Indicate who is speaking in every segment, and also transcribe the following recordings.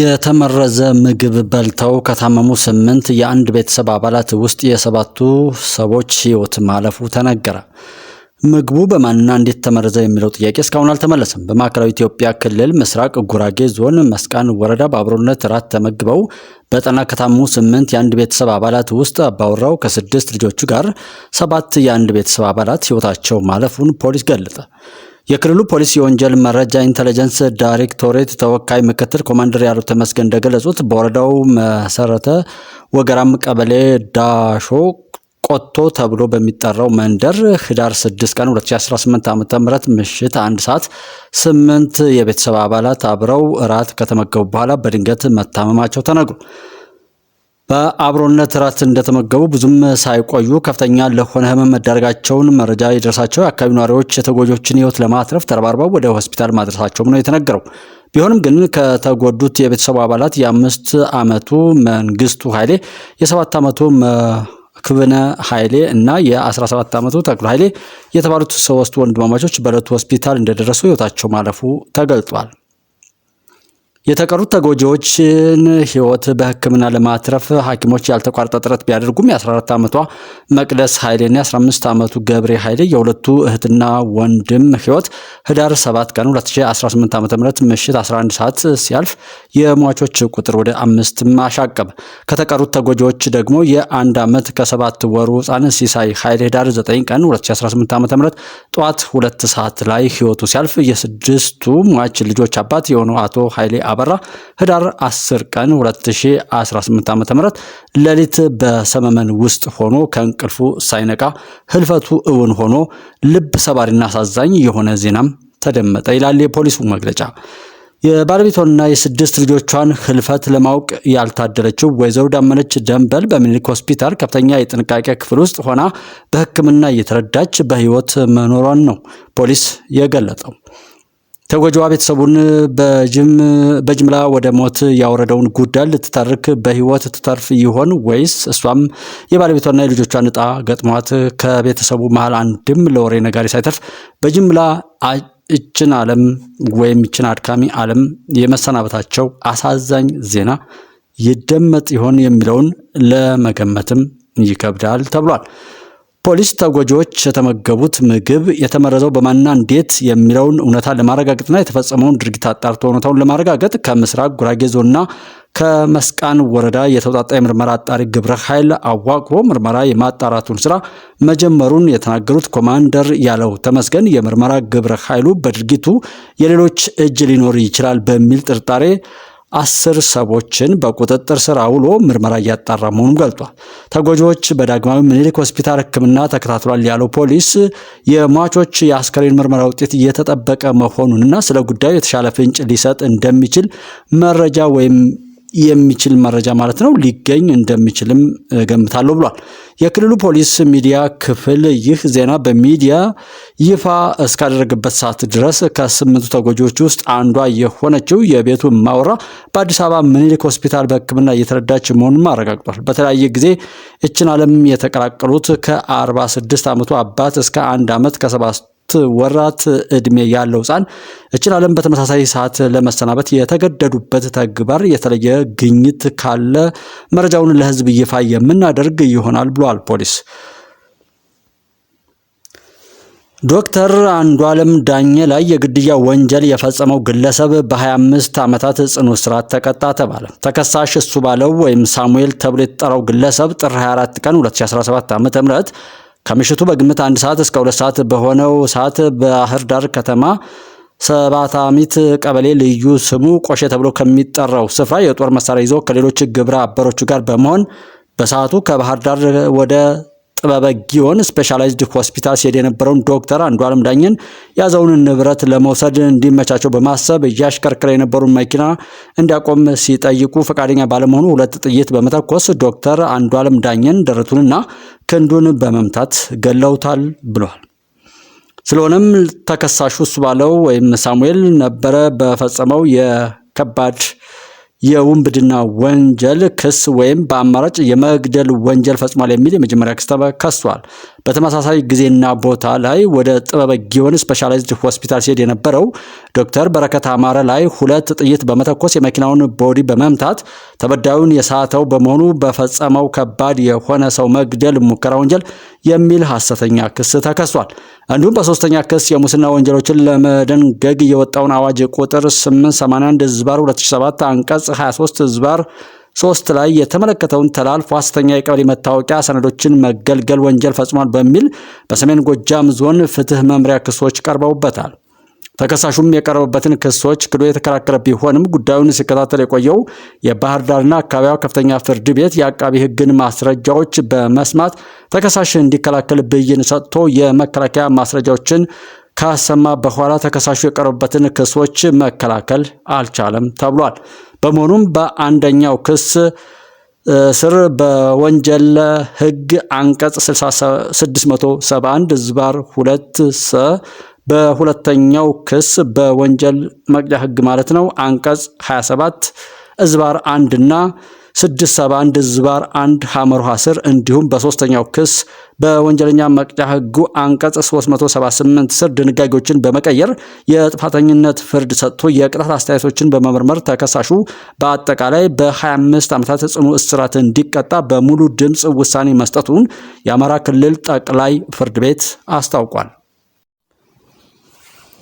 Speaker 1: የተመረዘ ምግብ በልተው ከታመሙ ስምንት የአንድ ቤተሰብ አባላት ውስጥ የሰባቱ ሰዎች ሕይወት ማለፉ ተነገረ። ምግቡ በማንና እንዴት ተመረዘ የሚለው ጥያቄ እስካሁን አልተመለሰም። በማዕከላዊ ኢትዮጵያ ክልል ምስራቅ ጉራጌ ዞን መስቃን ወረዳ በአብሮነት ራት ተመግበው በጠና ከታመሙ ስምንት የአንድ ቤተሰብ አባላት ውስጥ አባወራው ከስድስት ልጆቹ ጋር ሰባት የአንድ ቤተሰብ አባላት ሕይወታቸው ማለፉን ፖሊስ ገለጠ። የክልሉ ፖሊስ የወንጀል መረጃ ኢንተለጀንስ ዳይሬክቶሬት ተወካይ ምክትል ኮማንደር ያሉት ተመስገን እንደገለጹት በወረዳው መሰረተ ወገራም ቀበሌ ዳሾ ቆቶ ተብሎ በሚጠራው መንደር ህዳር 6 ቀን 2018 ም ምሽት አንድ ሰዓት ስምንት የቤተሰብ አባላት አብረው እራት ከተመገቡ በኋላ በድንገት መታመማቸው ተነግሯል። በአብሮነት እራት እንደተመገቡ ብዙም ሳይቆዩ ከፍተኛ ለሆነ ህመም መዳረጋቸውን መረጃ የደረሳቸው የአካባቢ ነዋሪዎች የተጎጆችን ህይወት ለማትረፍ ተረባርበው ወደ ሆስፒታል ማድረሳቸውም ነው የተነገረው። ቢሆንም ግን ከተጎዱት የቤተሰቡ አባላት የአምስት ዓመቱ መንግስቱ ኃይሌ፣ የሰባት ዓመቱ ክብነ ኃይሌ እና የ17 ዓመቱ ተክሉ ኃይሌ የተባሉት ሶስት ወንድማማቾች በዕለቱ ሆስፒታል እንደደረሱ ህይወታቸው ማለፉ ተገልጧል። የተቀሩት ተጎጂዎችን ህይወት በህክምና ለማትረፍ ሐኪሞች ያልተቋረጠ ጥረት ቢያደርጉም የ14 ዓመቷ መቅደስ ኃይሌና የ15 ዓመቱ ገብሬ ኃይሌ የሁለቱ እህትና ወንድም ህይወት ህዳር 7 ቀን 2018 ዓ ም ምሽት 11 ሰዓት ሲያልፍ የሟቾች ቁጥር ወደ አምስት አሻቀበ። ከተቀሩት ተጎጂዎች ደግሞ የአንድ ዓመት ከሰባት ወሩ ህፃን ሲሳይ ኃይሌ ህዳር 9 ቀን 2018 ዓ ም ጠዋት ሁለት ሰዓት ላይ ህይወቱ ሲያልፍ የስድስቱ ሟች ልጆች አባት የሆነው አቶ ኃይሌ አበራ ህዳር 10 ቀን 2018 ዓ.ም ሌሊት በሰመመን ውስጥ ሆኖ ከእንቅልፉ ሳይነቃ ህልፈቱ እውን ሆኖ ልብ ሰባሪና አሳዛኝ የሆነ ዜናም ተደመጠ ይላል የፖሊሱ መግለጫ። የባለቤቷና የስድስት ልጆቿን ህልፈት ለማወቅ ያልታደለችው ወይዘሮ ዳመነች ደንበል በሚኒክ ሆስፒታል ከፍተኛ የጥንቃቄ ክፍል ውስጥ ሆና በሕክምና እየተረዳች በህይወት መኖሯን ነው ፖሊስ የገለጠው። ተጎጂዋ ቤተሰቡን በጅምላ ወደ ሞት ያወረደውን ጉዳይ ልትተርክ በህይወት ትተርፍ ይሆን ወይስ እሷም የባለቤቷና የልጆቿን እጣ ገጥሟት ከቤተሰቡ መሀል አንድም ለወሬ ነጋሪ ሳይተርፍ በጅምላ እችን ዓለም ወይም እችን አድካሚ ዓለም የመሰናበታቸው አሳዛኝ ዜና ይደመጥ ይሆን የሚለውን ለመገመትም ይከብዳል ተብሏል። ፖሊስ ተጎጂዎች የተመገቡት ምግብ የተመረዘው በማንና እንዴት የሚለውን እውነታ ለማረጋገጥና የተፈጸመውን ድርጊት አጣርቶ እውነታውን ለማረጋገጥ ከምስራቅ ጉራጌ ዞንና ከመስቃን ወረዳ የተውጣጣ የምርመራ አጣሪ ግብረ ኃይል አዋቅሮ ምርመራ የማጣራቱን ስራ መጀመሩን የተናገሩት ኮማንደር ያለው ተመስገን የምርመራ ግብረ ኃይሉ በድርጊቱ የሌሎች እጅ ሊኖር ይችላል በሚል ጥርጣሬ አስር ሰዎችን በቁጥጥር ስር አውሎ ምርመራ እያጣራ መሆኑን ገልጧል። ተጎጂዎች በዳግማዊ ምኒልክ ሆስፒታል ሕክምና ተከታትሏል ያለው ፖሊስ የሟቾች የአስከሬን ምርመራ ውጤት እየተጠበቀ መሆኑንና ስለ ጉዳዩ የተሻለ ፍንጭ ሊሰጥ እንደሚችል መረጃ ወይም የሚችል መረጃ ማለት ነው ሊገኝ እንደሚችልም ገምታለሁ ብሏል። የክልሉ ፖሊስ ሚዲያ ክፍል ይህ ዜና በሚዲያ ይፋ እስካደረግበት ሰዓት ድረስ ከስምንቱ ተጎጂዎች ውስጥ አንዷ የሆነችው የቤቱ ማውራ በአዲስ አበባ ምኒልክ ሆስፒታል በሕክምና እየተረዳች መሆኑን አረጋግጧል። በተለያየ ጊዜ እችን ዓለም የተቀላቀሉት ከ46 ዓመቱ አባት እስከ አንድ ዓመት ከ ወራት እድሜ ያለው ህፃን እችን ዓለም በተመሳሳይ ሰዓት ለመሰናበት የተገደዱበት ተግባር የተለየ ግኝት ካለ መረጃውን ለህዝብ ይፋ የምናደርግ ይሆናል ብሏል ፖሊስ። ዶክተር አንዷለም ዳኘ ላይ የግድያ ወንጀል የፈጸመው ግለሰብ በ25 ዓመታት ጽኑ እስራት ተቀጣ ተባለ። ተከሳሽ እሱ ባለው ወይም ሳሙኤል ተብሎ የተጠራው ግለሰብ ጥር 24 ቀን 2017 ዓ.ም ከምሽቱ በግምት አንድ ሰዓት እስከ ሁለት ሰዓት በሆነው ሰዓት ባህር ዳር ከተማ ሰባታሚት ቀበሌ ልዩ ስሙ ቆሼ ተብሎ ከሚጠራው ስፍራ የጦር መሳሪያ ይዞ ከሌሎች ግብረ አበሮቹ ጋር በመሆን በሰዓቱ ከባህር ዳር ወደ ጥበበ ጊዮን ስፔሻላይዝድ ሆስፒታል ሲሄድ የነበረውን ዶክተር አንዱዓለም ዳኘን ያዘውንን ንብረት ለመውሰድ እንዲመቻቸው በማሰብ እያሽከርክረ የነበረውን መኪና እንዲያቆም ሲጠይቁ ፈቃደኛ ባለመሆኑ ሁለት ጥይት በመተኮስ ዶክተር አንዱዓለም ዳኘን ደረቱንና ክንዱን በመምታት ገለውታል ብሏል። ስለሆነም ተከሳሹ እሱ ባለው ወይም ሳሙኤል ነበረ በፈጸመው የከባድ የውንብድና ወንጀል ክስ ወይም በአማራጭ የመግደል ወንጀል ፈጽሟል የሚል የመጀመሪያ ክስ ተከሷል። በተመሳሳይ ጊዜና ቦታ ላይ ወደ ጥበበ ጊዮን ስፔሻላይዝድ ሆስፒታል ሲሄድ የነበረው ዶክተር በረከት አማረ ላይ ሁለት ጥይት በመተኮስ የመኪናውን ቦዲ በመምታት ተበዳዩን የሳተው በመሆኑ በፈጸመው ከባድ የሆነ ሰው መግደል ሙከራ ወንጀል የሚል ሐሰተኛ ክስ ተከሷል። እንዲሁም በሶስተኛ ክስ የሙስና ወንጀሎችን ለመደንገግ የወጣውን አዋጅ ቁጥር 881 ዝባር 2007 አንቀጽ 23 ዝባር ሶስት ላይ የተመለከተውን ተላልፎ ሐሰተኛ የቀበሌ መታወቂያ ሰነዶችን መገልገል ወንጀል ፈጽሟል በሚል በሰሜን ጎጃም ዞን ፍትህ መምሪያ ክሶች ቀርበውበታል። ተከሳሹም የቀረበበትን ክሶች ክዶ የተከራከረ ቢሆንም ጉዳዩን ሲከታተል የቆየው የባህር ዳርና አካባቢዋ ከፍተኛ ፍርድ ቤት የአቃቢ ሕግን ማስረጃዎች በመስማት ተከሳሽ እንዲከላከል ብይን ሰጥቶ የመከላከያ ማስረጃዎችን ካሰማ በኋላ ተከሳሹ የቀረበበትን ክሶች መከላከል አልቻለም ተብሏል። በመሆኑም በአንደኛው ክስ ስር በወንጀል ህግ አንቀጽ 671 ዝባር ሁለት ሰ በሁለተኛው ክስ በወንጀል መቅጫ ህግ ማለት ነው አንቀጽ 27 ዝባር እና 671 ዝባር 1 ሐመር ሐስር እንዲሁም በሶስተኛው ክስ በወንጀለኛ መቅጫ ሕጉ አንቀጽ 378 ስር ድንጋጌዎችን በመቀየር የጥፋተኝነት ፍርድ ሰጥቶ የቅጣት አስተያየቶችን በመመርመር ተከሳሹ በአጠቃላይ በ25 ዓመታት ጽኑ እስራት እንዲቀጣ በሙሉ ድምፅ ውሳኔ መስጠቱን የአማራ ክልል ጠቅላይ ፍርድ ቤት አስታውቋል።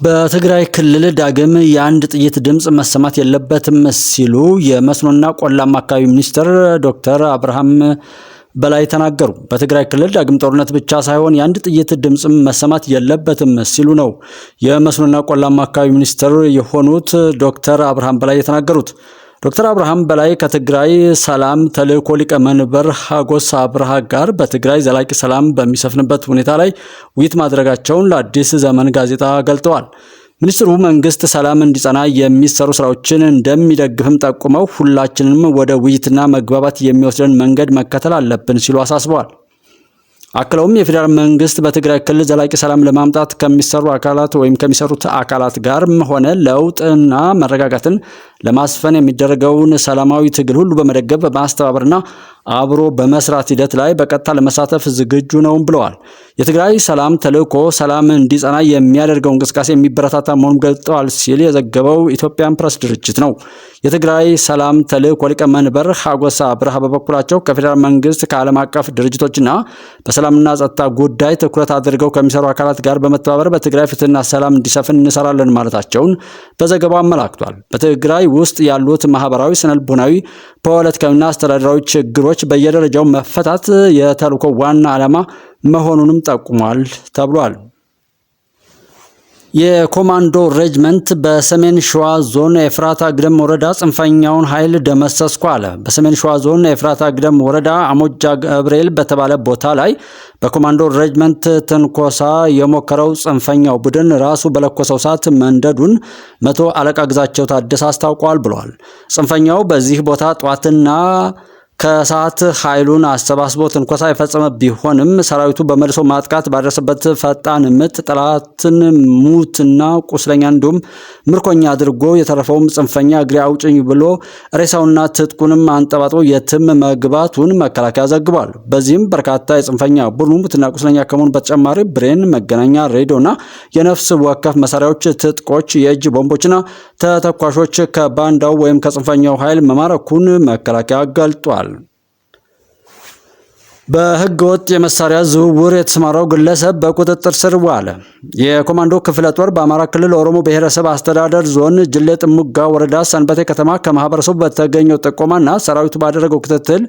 Speaker 1: በትግራይ ክልል ዳግም የአንድ ጥይት ድምፅ መሰማት የለበትም ሲሉ የመስኖና ቆላማ አካባቢ ሚኒስትር ዶክተር አብርሃም በላይ ተናገሩ። በትግራይ ክልል ዳግም ጦርነት ብቻ ሳይሆን የአንድ ጥይት ድምፅ መሰማት የለበትም ሲሉ ነው የመስኖና ቆላማ አካባቢ ሚኒስትር የሆኑት ዶክተር አብርሃም በላይ የተናገሩት። ዶክተር አብርሃም በላይ ከትግራይ ሰላም ተልእኮ ሊቀመንበር ሀጎስ አብርሃ ጋር በትግራይ ዘላቂ ሰላም በሚሰፍንበት ሁኔታ ላይ ውይይት ማድረጋቸውን ለአዲስ ዘመን ጋዜጣ ገልጠዋል። ሚኒስትሩ መንግስት ሰላም እንዲጸና የሚሰሩ ስራዎችን እንደሚደግፍም ጠቁመው ሁላችንም ወደ ውይይትና መግባባት የሚወስደን መንገድ መከተል አለብን ሲሉ አሳስበዋል። አክለውም የፌዴራል መንግስት በትግራይ ክልል ዘላቂ ሰላም ለማምጣት ከሚሰሩ አካላት ወይም ከሚሰሩት አካላት ጋርም ሆነ ለውጥና መረጋጋትን ለማስፈን የሚደረገውን ሰላማዊ ትግል ሁሉ በመደገፍ በማስተባበርና አብሮ በመስራት ሂደት ላይ በቀጥታ ለመሳተፍ ዝግጁ ነውም ብለዋል። የትግራይ ሰላም ተልእኮ ሰላም እንዲጸና የሚያደርገው እንቅስቃሴ የሚበረታታ መሆኑን ገልጠዋል ሲል የዘገበው ኢትዮጵያን ፕረስ ድርጅት ነው። የትግራይ ሰላም ተልዕኮ ሊቀመንበር ሀጎሳ ብርሃ በበኩላቸው ከፌዴራል መንግስት ከዓለም አቀፍ ድርጅቶችና በሰላምና ጸጥታ ጉዳይ ትኩረት አድርገው ከሚሰሩ አካላት ጋር በመተባበር በትግራይ ፍትህና ሰላም እንዲሰፍን እንሰራለን ማለታቸውን በዘገባው አመላክቷል። በትግራይ ውስጥ ያሉት ማህበራዊ፣ ስነልቦናዊ ፖለቲካዊና አስተዳደራዊ ችግሮች በየደረጃው መፈታት የተልዕኮ ዋና ዓላማ መሆኑንም ጠቁሟል ተብሏል። የኮማንዶ ሬጅመንት በሰሜን ሸዋ ዞን የፍራታ ግደም ወረዳ ጽንፈኛውን ኃይል ደመሰስኩ አለ። በሰሜን ሸዋ ዞን የፍራታ ግደም ወረዳ አሞጃ ገብርኤል በተባለ ቦታ ላይ በኮማንዶ ሬጅመንት ትንኮሳ የሞከረው ጽንፈኛው ቡድን ራሱ በለኮሰው ሰዓት መንደዱን መቶ አለቃ ግዛቸው ታደሰ አስታውቋል ብሏል። ጽንፈኛው በዚህ ቦታ ጧትና ከሰዓት ኃይሉን አሰባስቦ ትንኮሳ የፈጸመ ቢሆንም ሰራዊቱ በመልሶ ማጥቃት ባደረሰበት ፈጣን ምት ጠላትን ሙትና ቁስለኛ እንዲሁም ምርኮኛ አድርጎ የተረፈውም ጽንፈኛ እግሬ አውጭኝ ብሎ ሬሳውና ትጥቁንም አንጠባጥቦ የትም መግባቱን መከላከያ ዘግቧል። በዚህም በርካታ የጽንፈኛ ቡድኑ ሙትና ቁስለኛ ከመሆኑ በተጨማሪ ብሬን፣ መገናኛ ሬዲዮና የነፍስ ወከፍ መሳሪያዎች፣ ትጥቆች፣ የእጅ ቦምቦችና ተተኳሾች ከባንዳው ወይም ከጽንፈኛው ኃይል መማረኩን መከላከያ ገልጧል። በህገ ወጥ የመሳሪያ ዝውውር የተሰማራው ግለሰብ በቁጥጥር ስር ዋለ። የኮማንዶ ክፍለ ጦር በአማራ ክልል ኦሮሞ ብሔረሰብ አስተዳደር ዞን ጅሌ ጥሙጋ ወረዳ ሰንበቴ ከተማ ከማህበረሰቡ በተገኘው ጥቆማና ሰራዊቱ ባደረገው ክትትል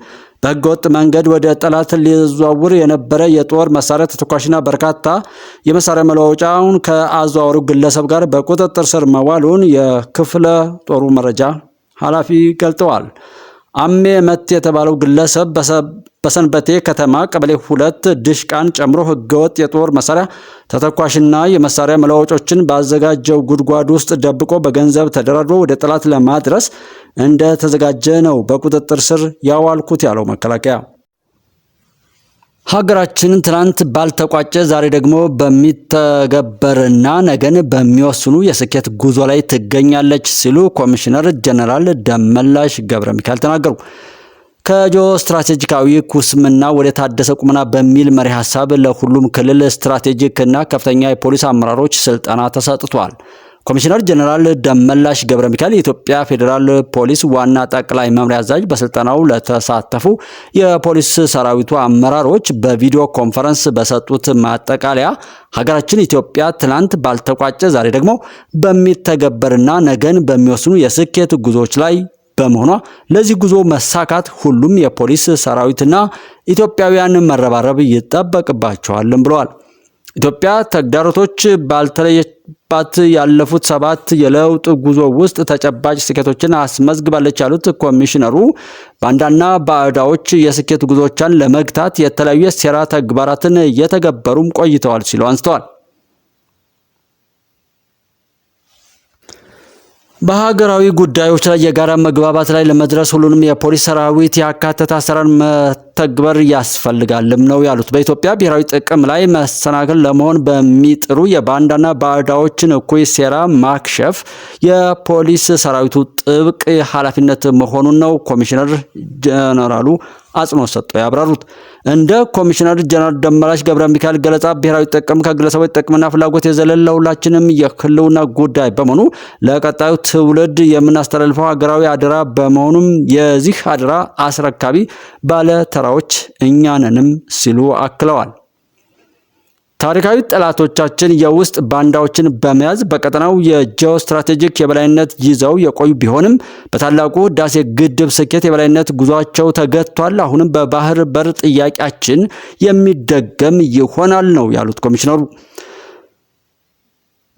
Speaker 1: በህገ ወጥ መንገድ ወደ ጠላት ሊዘዋውር የነበረ የጦር መሳሪያ ተተኳሽና በርካታ የመሳሪያ መለዋወጫውን ከአዘዋወሩ ግለሰብ ጋር በቁጥጥር ስር መዋሉን የክፍለ ጦሩ መረጃ ኃላፊ ገልጠዋል። አሜ መት የተባለው ግለሰብ በሰንበቴ ከተማ ቀበሌ ሁለት ድሽቃን ጨምሮ ህገወጥ የጦር መሳሪያ ተተኳሽና የመሳሪያ መለዋወጮችን ባዘጋጀው ጉድጓድ ውስጥ ደብቆ በገንዘብ ተደራድሮ ወደ ጠላት ለማድረስ እንደተዘጋጀ ነው በቁጥጥር ስር ያዋልኩት ያለው መከላከያ። ሀገራችን ትናንት ባልተቋጨ ዛሬ ደግሞ በሚተገበርና ነገን በሚወስኑ የስኬት ጉዞ ላይ ትገኛለች ሲሉ ኮሚሽነር ጀነራል ደመላሽ ገብረ ሚካኤል ተናገሩ። ከጂኦ ስትራቴጂካዊ ኩስምና ወደ ታደሰ ቁመና በሚል መሪ ሀሳብ ለሁሉም ክልል ስትራቴጂክ እና ከፍተኛ የፖሊስ አመራሮች ስልጠና ተሰጥቷል። ኮሚሽነር ጀኔራል ደመላሽ ገብረ ሚካኤል የኢትዮጵያ ፌዴራል ፖሊስ ዋና ጠቅላይ መምሪያ አዛዥ በስልጠናው ለተሳተፉ የፖሊስ ሰራዊቱ አመራሮች በቪዲዮ ኮንፈረንስ በሰጡት ማጠቃለያ ሀገራችን ኢትዮጵያ ትናንት ባልተቋጨ ዛሬ ደግሞ በሚተገበርና ነገን በሚወስኑ የስኬት ጉዞዎች ላይ በመሆኗ ለዚህ ጉዞ መሳካት ሁሉም የፖሊስ ሰራዊትና ኢትዮጵያውያን መረባረብ ይጠበቅባቸዋልም ብለዋል። ኢትዮጵያ ተግዳሮቶች ባልተለየባት ያለፉት ሰባት የለውጥ ጉዞ ውስጥ ተጨባጭ ስኬቶችን አስመዝግባለች ያሉት ኮሚሽነሩ ባንዳና ባዕዳዎች የስኬት ጉዞቿን ለመግታት የተለያዩ የሴራ ተግባራትን እየተገበሩም ቆይተዋል ሲሉ አንስተዋል። በሀገራዊ ጉዳዮች ላይ የጋራ መግባባት ላይ ለመድረስ ሁሉንም የፖሊስ ሰራዊት ያካተተ አሰራር መተግበር ያስፈልጋልም ነው ያሉት። በኢትዮጵያ ብሔራዊ ጥቅም ላይ መሰናክል ለመሆን በሚጥሩ የባንዳና ባዕዳዎችን እኩይ ሴራ ማክሸፍ የፖሊስ ሰራዊቱ ጥብቅ ኃላፊነት መሆኑን ነው ኮሚሽነር ጀነራሉ አጽንኦት ሰጥተው ያብራሩት። እንደ ኮሚሽነር ጀነራል ደመላሽ ገብረ ሚካኤል ገለጻ ብሔራዊ ጥቅም ከግለሰቦች ጥቅምና ፍላጎት የዘለለ ለሁላችንም የህልውና ጉዳይ በመሆኑ ለቀጣዩ ትውልድ የምናስተላልፈው ሀገራዊ አደራ በመሆኑም የዚህ አደራ አስረካቢ ባለ ተራ ተራራዎች እኛንንም ሲሉ አክለዋል። ታሪካዊ ጠላቶቻችን የውስጥ ባንዳዎችን በመያዝ በቀጠናው የጂኦ ስትራቴጂክ የበላይነት ይዘው የቆዩ ቢሆንም በታላቁ ህዳሴ ግድብ ስኬት የበላይነት ጉዟቸው ተገቷል። አሁንም በባህር በር ጥያቄያችን የሚደገም ይሆናል ነው ያሉት ኮሚሽነሩ።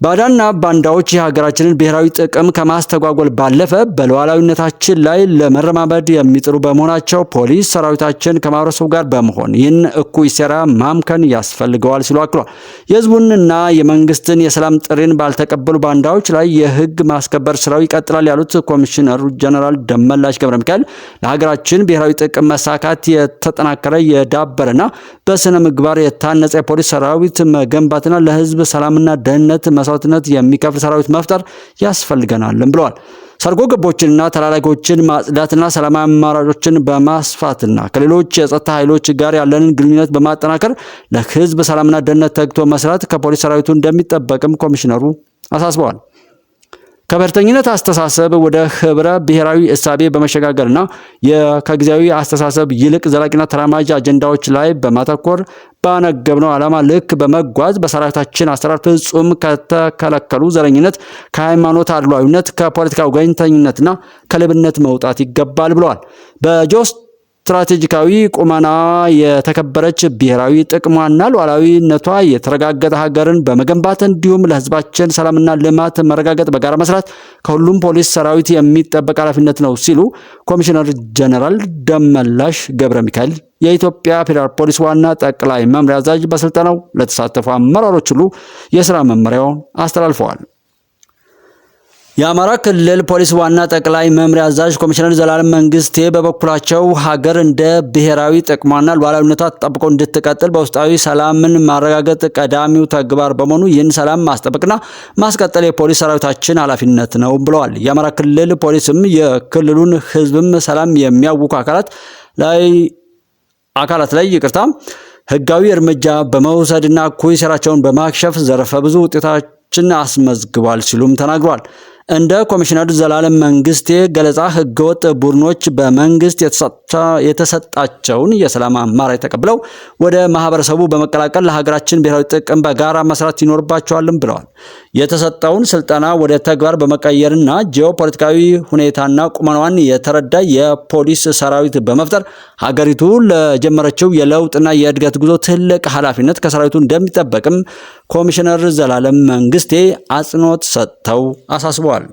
Speaker 1: ባዳና ባንዳዎች የሀገራችንን ብሔራዊ ጥቅም ከማስተጓጎል ባለፈ በሉዓላዊነታችን ላይ ለመረማመድ የሚጥሩ በመሆናቸው ፖሊስ ሰራዊታችን ከማህበረሰቡ ጋር በመሆን ይህን እኩይ ሴራ ማምከን ያስፈልገዋል ሲሉ አክሏል። የህዝቡንና የመንግስትን የሰላም ጥሪን ባልተቀበሉ ባንዳዎች ላይ የህግ ማስከበር ስራው ይቀጥላል ያሉት ኮሚሽነሩ ጀነራል ደመላሽ ገብረ ሚካኤል ለሀገራችን ብሔራዊ ጥቅም መሳካት የተጠናከረ የዳበረና በስነ ምግባር የታነጸ የፖሊስ ሰራዊት መገንባትና ለህዝብ ሰላምና ደህንነት መ መስዋዕትነት የሚከፍል ሰራዊት መፍጠር ያስፈልገናልም ብለዋል። ሰርጎ ገቦችንና ተላላኪዎችን ማጽዳትና ሰላማዊ አማራጮችን በማስፋትና ከሌሎች የጸጥታ ኃይሎች ጋር ያለንን ግንኙነት በማጠናከር ለህዝብ ሰላምና ደህንነት ተግቶ መስራት ከፖሊስ ሰራዊቱ እንደሚጠበቅም ኮሚሽነሩ አሳስበዋል። ከብሔርተኝነት አስተሳሰብ ወደ ህብረ ብሔራዊ እሳቤ በመሸጋገርና ከጊዜያዊ አስተሳሰብ ይልቅ ዘላቂና ተራማጅ አጀንዳዎች ላይ በማተኮር ባነገብነው ዓላማ ልክ በመጓዝ በሰራዊታችን አሰራር ፍጹም ከተከለከሉ ዘረኝነት፣ ከሃይማኖት አድሏዊነት፣ ከፖለቲካ ወገኝተኝነትና ከልብነት መውጣት ይገባል ብለዋል። በጆስ ስትራቴጂካዊ ቁመና የተከበረች ብሔራዊ ጥቅሟና ሉዓላዊነቷ የተረጋገጠ ሀገርን በመገንባት እንዲሁም ለህዝባችን ሰላምና ልማት መረጋገጥ በጋራ መስራት ከሁሉም ፖሊስ ሰራዊት የሚጠበቅ ኃላፊነት ነው ሲሉ ኮሚሽነር ጀነራል ደመላሽ ገብረ ሚካኤል የኢትዮጵያ ፌዴራል ፖሊስ ዋና ጠቅላይ መምሪያ አዛዥ በስልጠናው ለተሳተፉ አመራሮች ሁሉ የስራ መመሪያውን አስተላልፈዋል። የአማራ ክልል ፖሊስ ዋና ጠቅላይ መምሪያ አዛዥ ኮሚሽነር ዘላለም መንግስቴ በበኩላቸው ሀገር እንደ ብሔራዊ ጥቅሟና ሉዓላዊነቷ ተጠብቆ እንድትቀጥል በውስጣዊ ሰላምን ማረጋገጥ ቀዳሚው ተግባር በመሆኑ ይህን ሰላም ማስጠበቅና ማስቀጠል የፖሊስ ሰራዊታችን ኃላፊነት ነው ብለዋል። የአማራ ክልል ፖሊስም የክልሉን ህዝብም ሰላም የሚያውኩ አካላት ላይ አካላት ላይ ይቅርታ ህጋዊ እርምጃ በመውሰድና ኩይ ስራቸውን በማክሸፍ ዘርፈ ብዙ ውጤታችን አስመዝግቧል ሲሉም ተናግሯል። እንደ ኮሚሽነር ዘላለም መንግስቴ ገለጻ ህገወጥ ቡድኖች በመንግስት የተሰጣቸውን የሰላም አማራጭ ተቀብለው ወደ ማህበረሰቡ በመቀላቀል ለሀገራችን ብሔራዊ ጥቅም በጋራ መስራት ይኖርባቸዋልም ብለዋል። የተሰጠውን ስልጠና ወደ ተግባር በመቀየርና ጂኦፖለቲካዊ ሁኔታና ቁመናዋን የተረዳ የፖሊስ ሰራዊት በመፍጠር ሀገሪቱ ለጀመረችው የለውጥና የእድገት ጉዞ ትልቅ ኃላፊነት ከሰራዊቱ እንደሚጠበቅም ኮሚሽነር ዘላለም መንግስቴ አጽንኦት ሰጥተው አሳስበዋል።